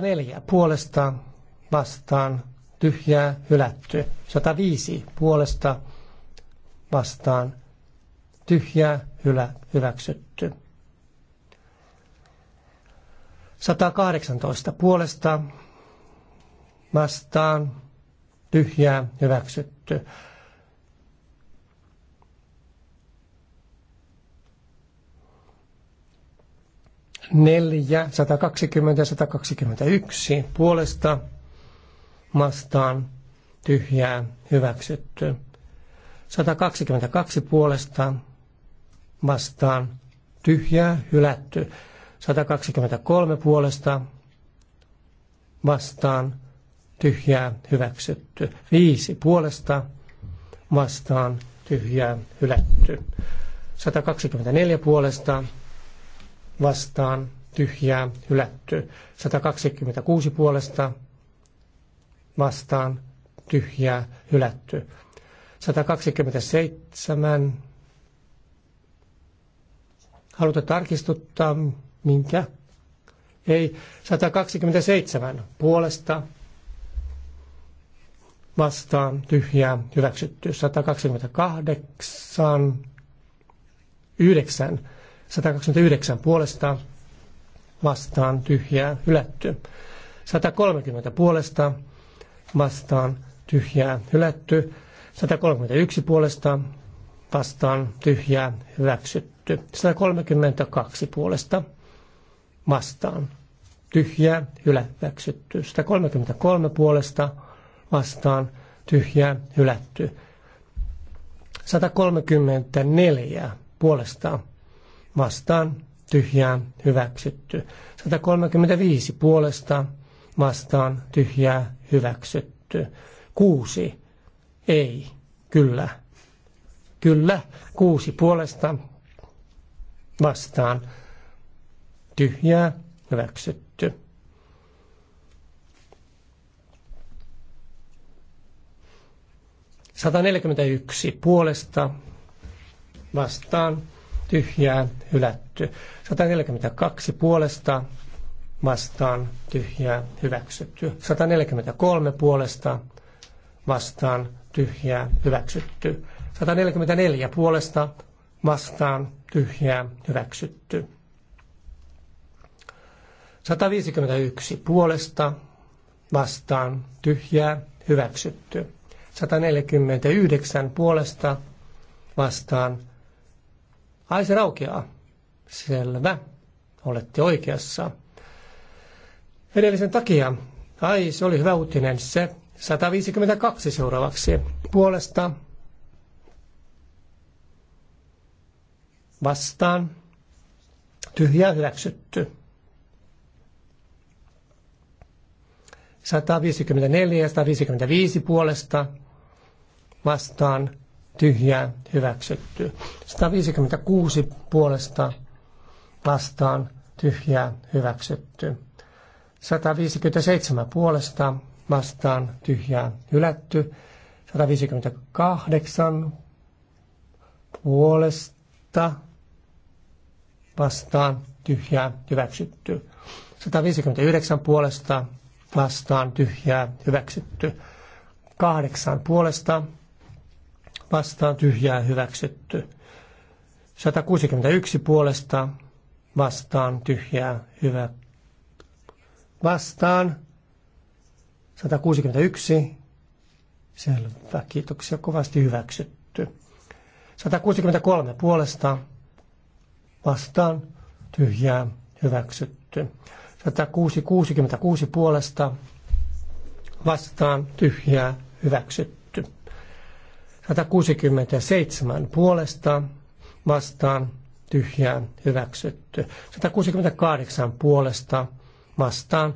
neljä puolesta vastaan tyhjää hylätty. 105 puolesta vastaan tyhjää hylä, hyväksytty. 118 puolesta vastaan tyhjää hyväksytty. Neljä, 120 ja 121 puolesta vastaan tyhjää hyväksytty. 122 puolesta vastaan tyhjää hylätty. 123 puolesta vastaan tyhjää hyväksytty. 5 puolesta vastaan tyhjää hylätty. 124 puolesta vastaan tyhjää hylätty. 126 puolesta vastaan tyhjää hylätty. 127 haluta tarkistuttaa, minkä? Ei, 127 puolesta vastaan tyhjää hyväksytty. 128, 9, 129 puolesta vastaan tyhjää hylätty. 130 puolesta vastaan tyhjää hylätty. 131 puolesta vastaan tyhjää hyväksytty hylätty. 132 puolesta vastaan. Tyhjää hylätty. 133 puolesta vastaan. Tyhjää hylätty. 134 puolesta vastaan. Tyhjää hyväksytty. 135 puolesta vastaan. Tyhjää hyväksytty. 6 ei. Kyllä. Kyllä, 6 puolesta vastaan tyhjää hyväksytty. yksi puolesta vastaan tyhjää hylätty. 142 puolesta vastaan tyhjää hyväksytty. 143 puolesta vastaan tyhjää hyväksytty. 144 puolesta vastaan tyhjää hyväksytty. 151 puolesta vastaan tyhjää hyväksytty. 149 puolesta vastaan. Ai se raukeaa. Selvä. Olette oikeassa. Edellisen takia. Ai se oli hyvä uutinen. Se 152 seuraavaksi. Puolesta vastaan tyhjää hyväksytty. 154 ja 155 puolesta vastaan tyhjää hyväksytty. 156 puolesta vastaan tyhjää hyväksytty. 157 puolesta vastaan tyhjää hylätty. 158 puolesta vastaan tyhjää hyväksytty. 159 puolesta vastaan tyhjää hyväksytty. 8 puolesta vastaan tyhjää hyväksytty. 161 puolesta vastaan tyhjää hyvä. Vastaan 161. Selvä. Kiitoksia kovasti hyväksytty. 163 puolesta vastaan tyhjää hyväksytty. 166 puolesta vastaan tyhjää hyväksytty. 167 puolesta vastaan tyhjää hyväksytty. 168 puolesta vastaan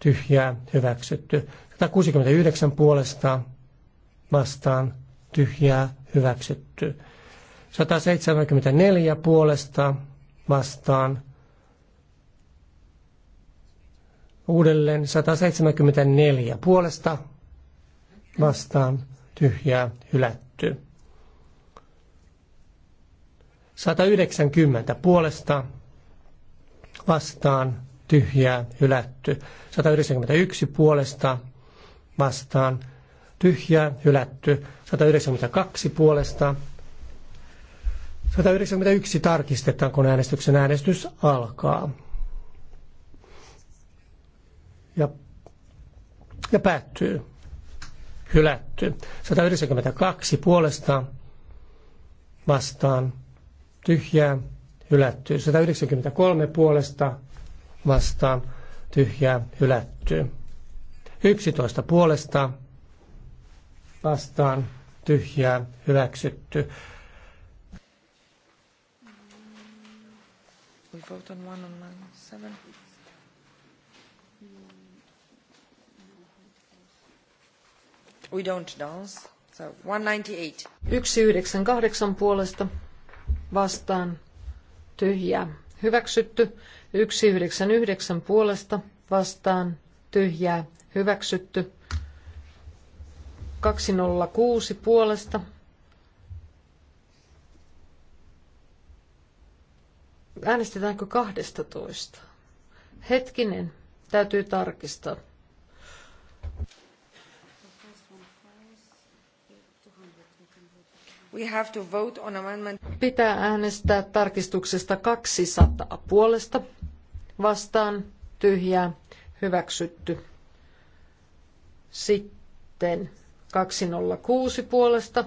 tyhjää hyväksytty. 169 puolesta vastaan tyhjää hyväksytty. 174 puolesta vastaan. Uudelleen 174 puolesta vastaan tyhjää hylätty. 190 puolesta vastaan tyhjää hylätty. 191 puolesta vastaan tyhjää hylätty. 192 puolesta 191 tarkistetaan, kun äänestyksen äänestys alkaa. Ja, ja päättyy. Hylätty. 192 puolesta vastaan. Tyhjää. Hylätty. 193 puolesta vastaan. Tyhjää. Hylätty. 11 puolesta vastaan. Tyhjää. Hyväksytty. We vote on one on nine seven. We don't dance. So 198. 198 puolesta vastaan tyhjää. Hyväksytty. 199 puolesta vastaan tyhjää. Hyväksytty. 206 puolesta Äänestetäänkö 12? Hetkinen, täytyy tarkistaa. We have to vote on amendment. Pitää äänestää tarkistuksesta 200 puolesta. Vastaan tyhjää hyväksytty. Sitten 206 puolesta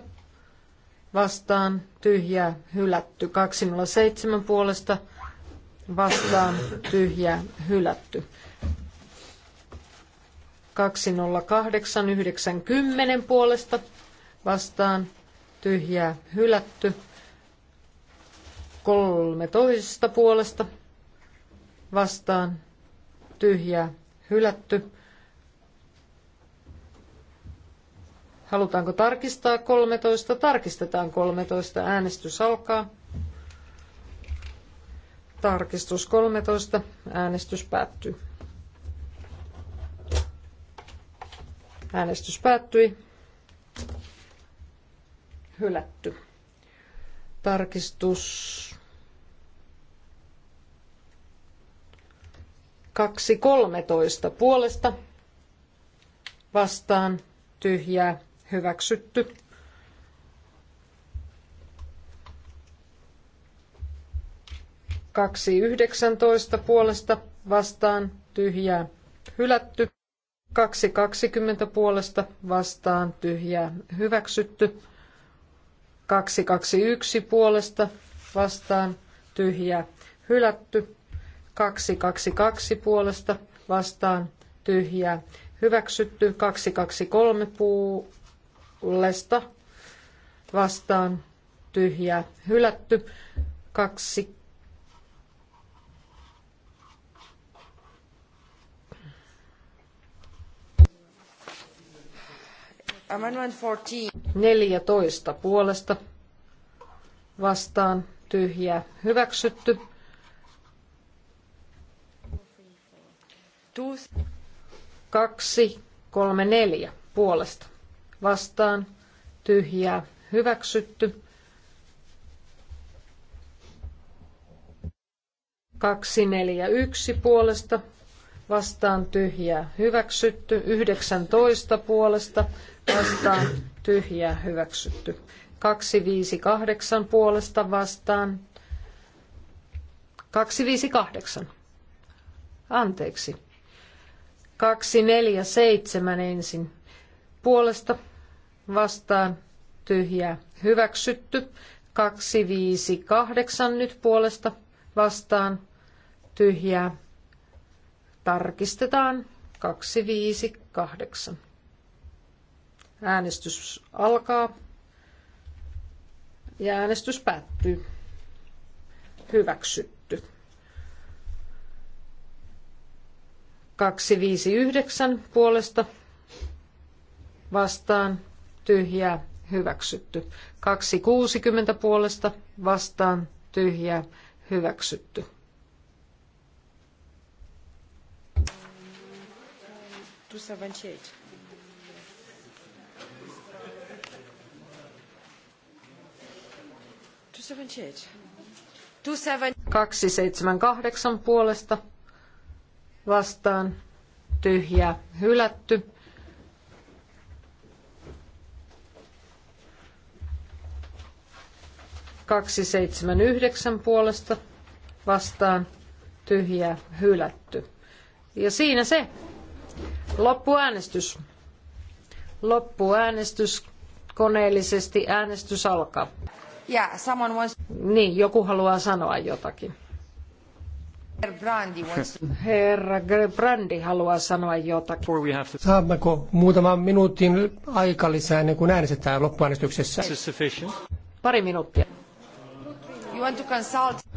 vastaan tyhjää hylätty. 207 puolesta vastaan tyhjää hylätty. 208 90 puolesta vastaan tyhjää hylätty. 13 puolesta vastaan tyhjää hylätty. Halutaanko tarkistaa 13? Tarkistetaan 13. Äänestys alkaa. Tarkistus 13. Äänestys päättyy. Äänestys päättyi. Hylätty. Tarkistus 2.13 puolesta vastaan tyhjää hyväksytty. Kaksi yhdeksäntoista puolesta vastaan tyhjää hylätty. Kaksi kaksikymmentä puolesta vastaan tyhjää hyväksytty. Kaksi kaksi yksi puolesta vastaan tyhjää hylätty. Kaksi kaksi kaksi puolesta vastaan tyhjää hyväksytty. Kaksi kaksi kolme puu puolesta vastaan tyhjä hylätty. kaksi Amendment 14 puolesta vastaan tyhjä hyväksytty. Kaksi, kolme, neljä puolesta vastaan tyhjää hyväksytty. Kaksi neljä yksi puolesta vastaan tyhjää hyväksytty. 19 puolesta vastaan tyhjää hyväksytty. 258 puolesta vastaan. 258. Anteeksi. 247 ensin puolesta vastaan tyhjää hyväksytty. 258 nyt puolesta vastaan tyhjää. Tarkistetaan 258. Äänestys alkaa ja äänestys päättyy. Hyväksytty. 259 puolesta vastaan tyhjää, hyväksytty. 260 puolesta vastaan, tyhjää, hyväksytty. Kaksi seitsemän kahdeksan puolesta vastaan tyhjää hylätty. 279 puolesta vastaan tyhjää hylätty. Ja siinä se. Loppuäänestys. Loppuäänestys koneellisesti. Äänestys alkaa. Yeah, someone wants... Niin, joku haluaa sanoa jotakin. Herra Brandi haluaa sanoa jotakin. Saammeko muutaman minuutin aika lisää ennen kuin äänestetään loppuäänestyksessä? Pari minuuttia.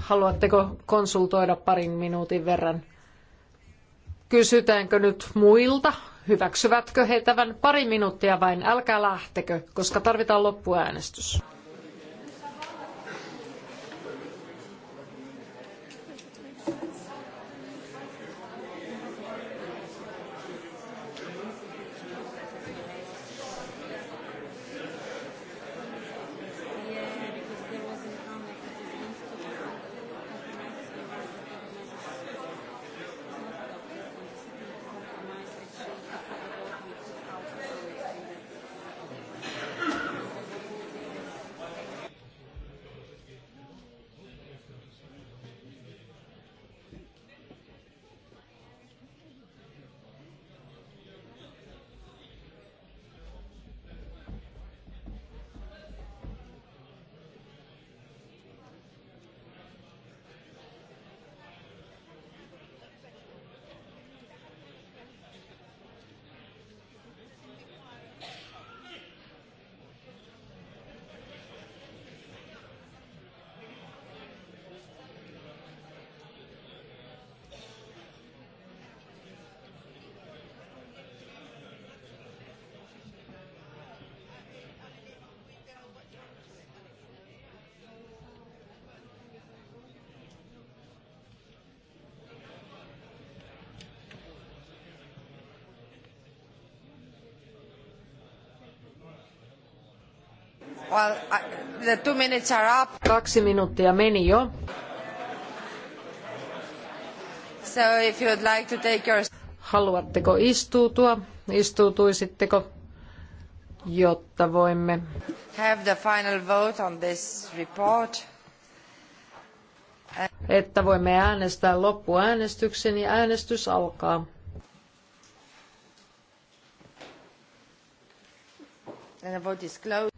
Haluatteko konsultoida parin minuutin verran? Kysytäänkö nyt muilta? Hyväksyvätkö he tämän pari minuuttia vain? Älkää lähtekö, koska tarvitaan loppuäänestys. Well, the two minutes are up. Kaksi minuuttia meni jo. So if you'd like to take your... Haluatteko istuutua? Istuutuisitteko, jotta voimme... Have the final vote on this report. Että voimme äänestää loppuäänestyksen ja äänestys alkaa.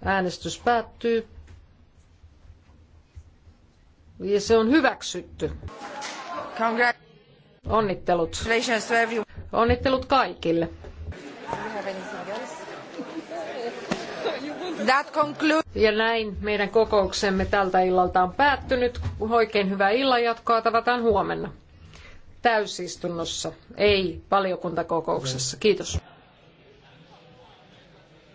Äänestys päättyy. Ja se on hyväksytty. Onnittelut. Onnittelut kaikille. Ja näin meidän kokouksemme tältä illalta on päättynyt. Oikein hyvää illanjatkoa tavataan huomenna täysistunnossa, ei valiokuntakokouksessa. Kiitos.